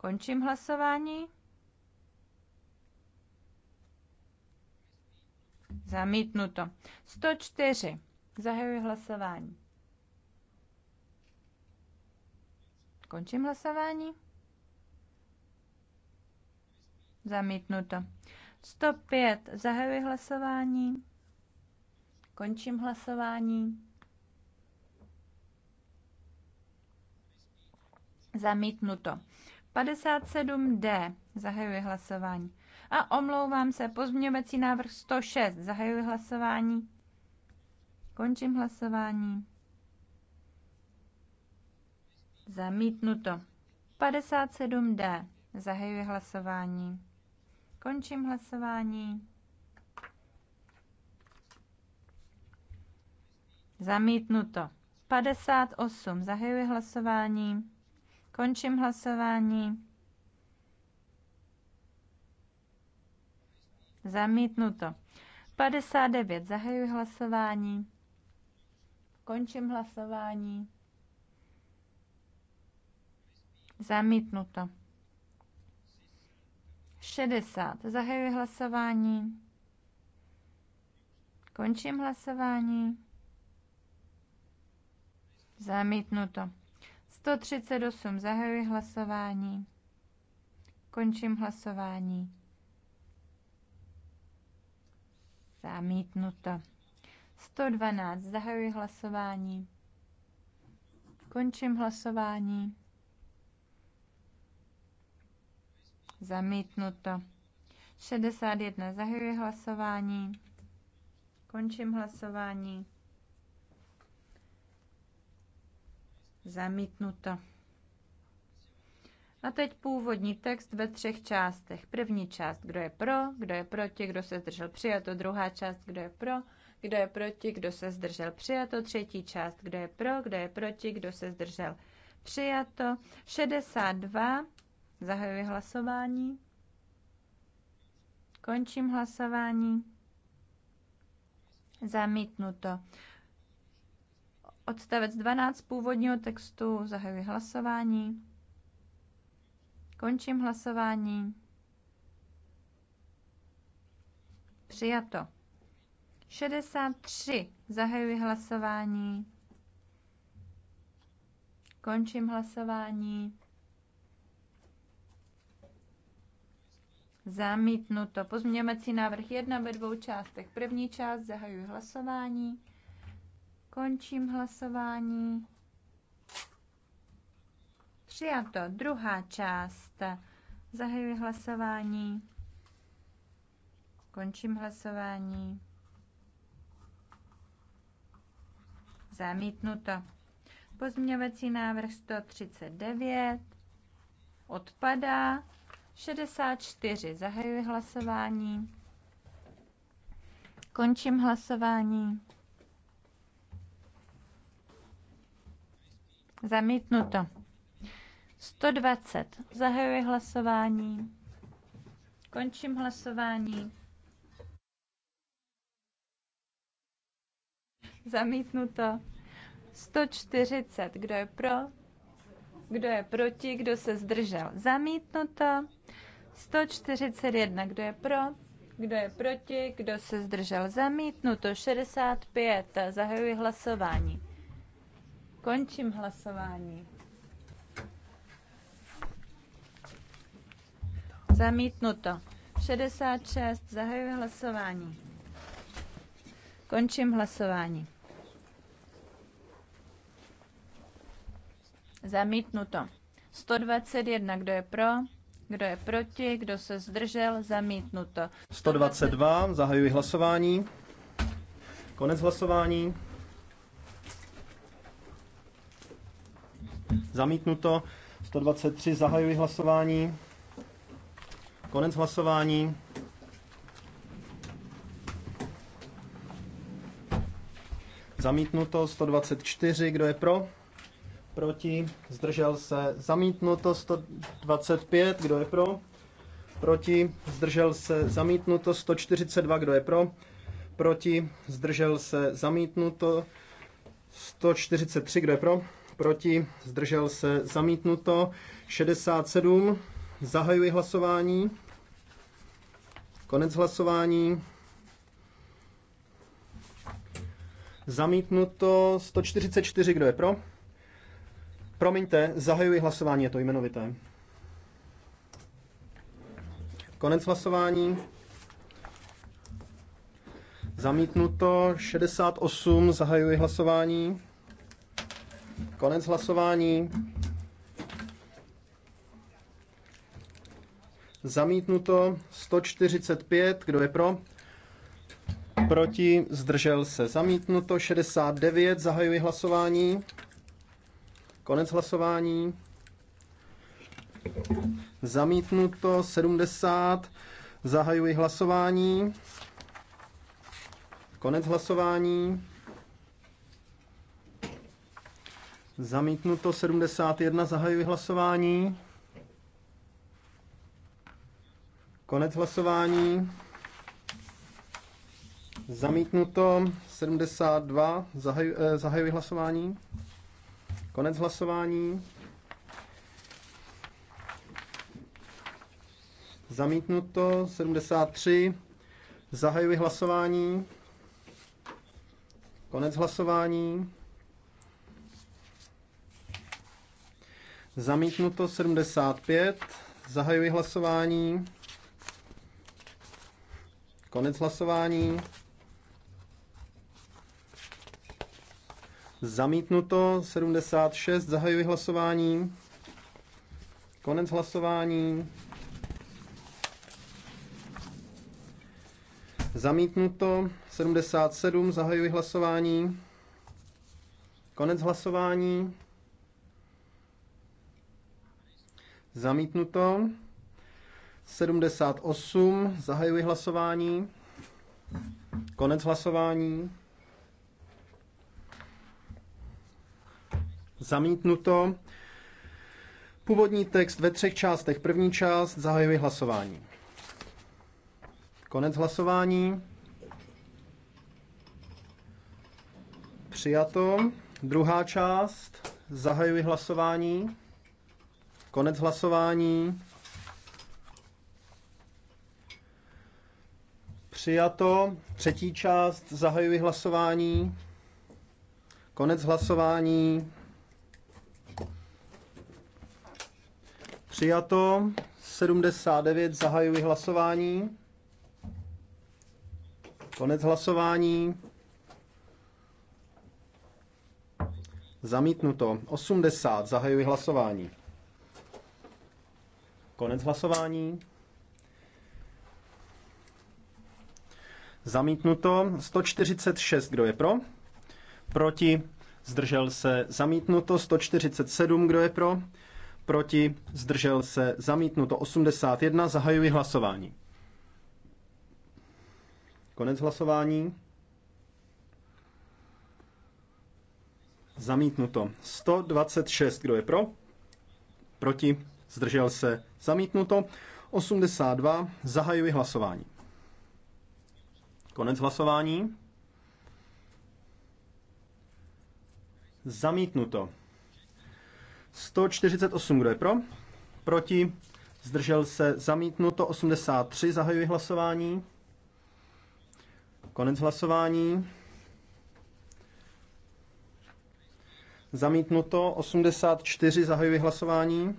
Končím hlasování. Zamítnuto. 104. Zahajuji hlasování. Končím hlasování. Zamítnuto. 105. Zahajuji hlasování. Končím hlasování. Zamítnuto. 57D. Zahajuji hlasování. A omlouvám se, pozměňovací návrh 106. Zahajuji hlasování. Končím hlasování. Zamítnuto. 57D. Zahajuji hlasování. Končím hlasování. Zamítnuto. 58. Zahajuji hlasování. Končím hlasování. Zamítnuto. 59. Zahajuji hlasování. Končím hlasování. Zamítnuto. 60. Zahajuji hlasování. Končím hlasování. Zamítnuto. 138. Zahajuji hlasování. Končím hlasování. Zamítnuto. 112. Zahajuji hlasování. Končím hlasování. Zamítnuto. 61. Zahajuji hlasování. Končím hlasování. Zamítnuto. A teď původní text ve třech částech. První část, kdo je pro, kdo je proti, kdo se zdržel přijato. Druhá část, kdo je pro, kdo je proti, kdo se zdržel přijato. Třetí část, kdo je pro, kdo je proti, kdo se zdržel přijato. 62. Zahajuji hlasování. Končím hlasování. Zamítnuto. Odstavec 12 původního textu zahajuji hlasování. Končím hlasování. Přijato. 63. Zahajuji hlasování. Končím hlasování. Zamítnuto. Pozměňovací návrh 1 ve dvou částech. První část zahajuji hlasování. Končím hlasování. Přijato. Druhá část. Zahajuji hlasování. Končím hlasování. Zamítnuto. Pozměňovací návrh 139 odpadá. 64. Zahajuji hlasování. Končím hlasování. Zamítnuto. 120. Zahajuji hlasování. Končím hlasování. Zamítnuto. 140. Kdo je pro? Kdo je proti? Kdo se zdržel? Zamítnuto. 141. Kdo je pro? Kdo je proti? Kdo se zdržel? Zamítnuto. 65. Zahajuji hlasování. Končím hlasování. Zamítnuto. 66. Zahajuji hlasování. Končím hlasování. Zamítnuto. 121. Kdo je pro? Kdo je proti? Kdo se zdržel? Zamítnuto. 122. Zahajuji hlasování. Konec hlasování. Zamítnuto. 123. Zahajuji hlasování. Konec hlasování. Zamítnuto 124, kdo je pro? Proti, zdržel se. Zamítnuto 125, kdo je pro? Proti, zdržel se. Zamítnuto 142, kdo je pro? Proti, zdržel se. Zamítnuto 143, kdo je pro? proti, zdržel se, zamítnuto. 67, zahajuji hlasování, konec hlasování. Zamítnuto 144, kdo je pro? Promiňte, zahajuji hlasování, je to jmenovité. Konec hlasování. Zamítnuto 68, zahajuji hlasování. Konec hlasování. Zamítnuto 145, kdo je pro? Proti, zdržel se. Zamítnuto 69, zahajuji hlasování. Konec hlasování. Zamítnuto 70, zahajuji hlasování. Konec hlasování. Zamítnuto 71, zahajuji hlasování. Konec hlasování. Zamítnuto 72, zahaju, eh, zahajuji hlasování. Konec hlasování. Zamítnuto 73, zahajuji hlasování. Konec hlasování. Zamítnuto 75. Zahajuji hlasování. Konec hlasování. Zamítnuto 76. Zahajuji hlasování. Konec hlasování. Zamítnuto 77. Zahajuji hlasování. Konec hlasování. Zamítnuto. 78. Zahajuji hlasování. Konec hlasování. Zamítnuto. Původní text ve třech částech. První část zahajuji hlasování. Konec hlasování. Přijato. Druhá část. Zahajuji hlasování. Konec hlasování. Přijato. Třetí část. Zahajuji hlasování. Konec hlasování. Přijato. 79. Zahajuji hlasování. Konec hlasování. Zamítnuto. 80. Zahajuji hlasování. Konec hlasování. Zamítnuto 146, kdo je pro? Proti, zdržel se, zamítnuto 147, kdo je pro? Proti, zdržel se, zamítnuto 81, zahajuji hlasování. Konec hlasování. Zamítnuto 126, kdo je pro? Proti, zdržel se, zamítnuto. 82, zahajuji hlasování. Konec hlasování. Zamítnuto. 148, kdo je pro? Proti, zdržel se, zamítnuto. 83, zahajuji hlasování. Konec hlasování. Zamítnuto 84, zahajuji hlasování.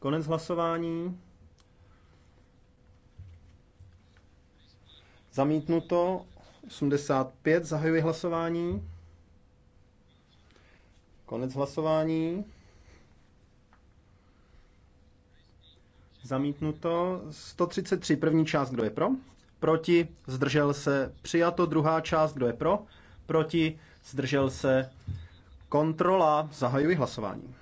Konec hlasování. Zamítnuto 85. Zahajuji hlasování. Konec hlasování. Zamítnuto 133. První část, kdo je pro? Proti, zdržel se, přijato. Druhá část, kdo je pro? Proti, zdržel se, kontrola. Zahajuji hlasování.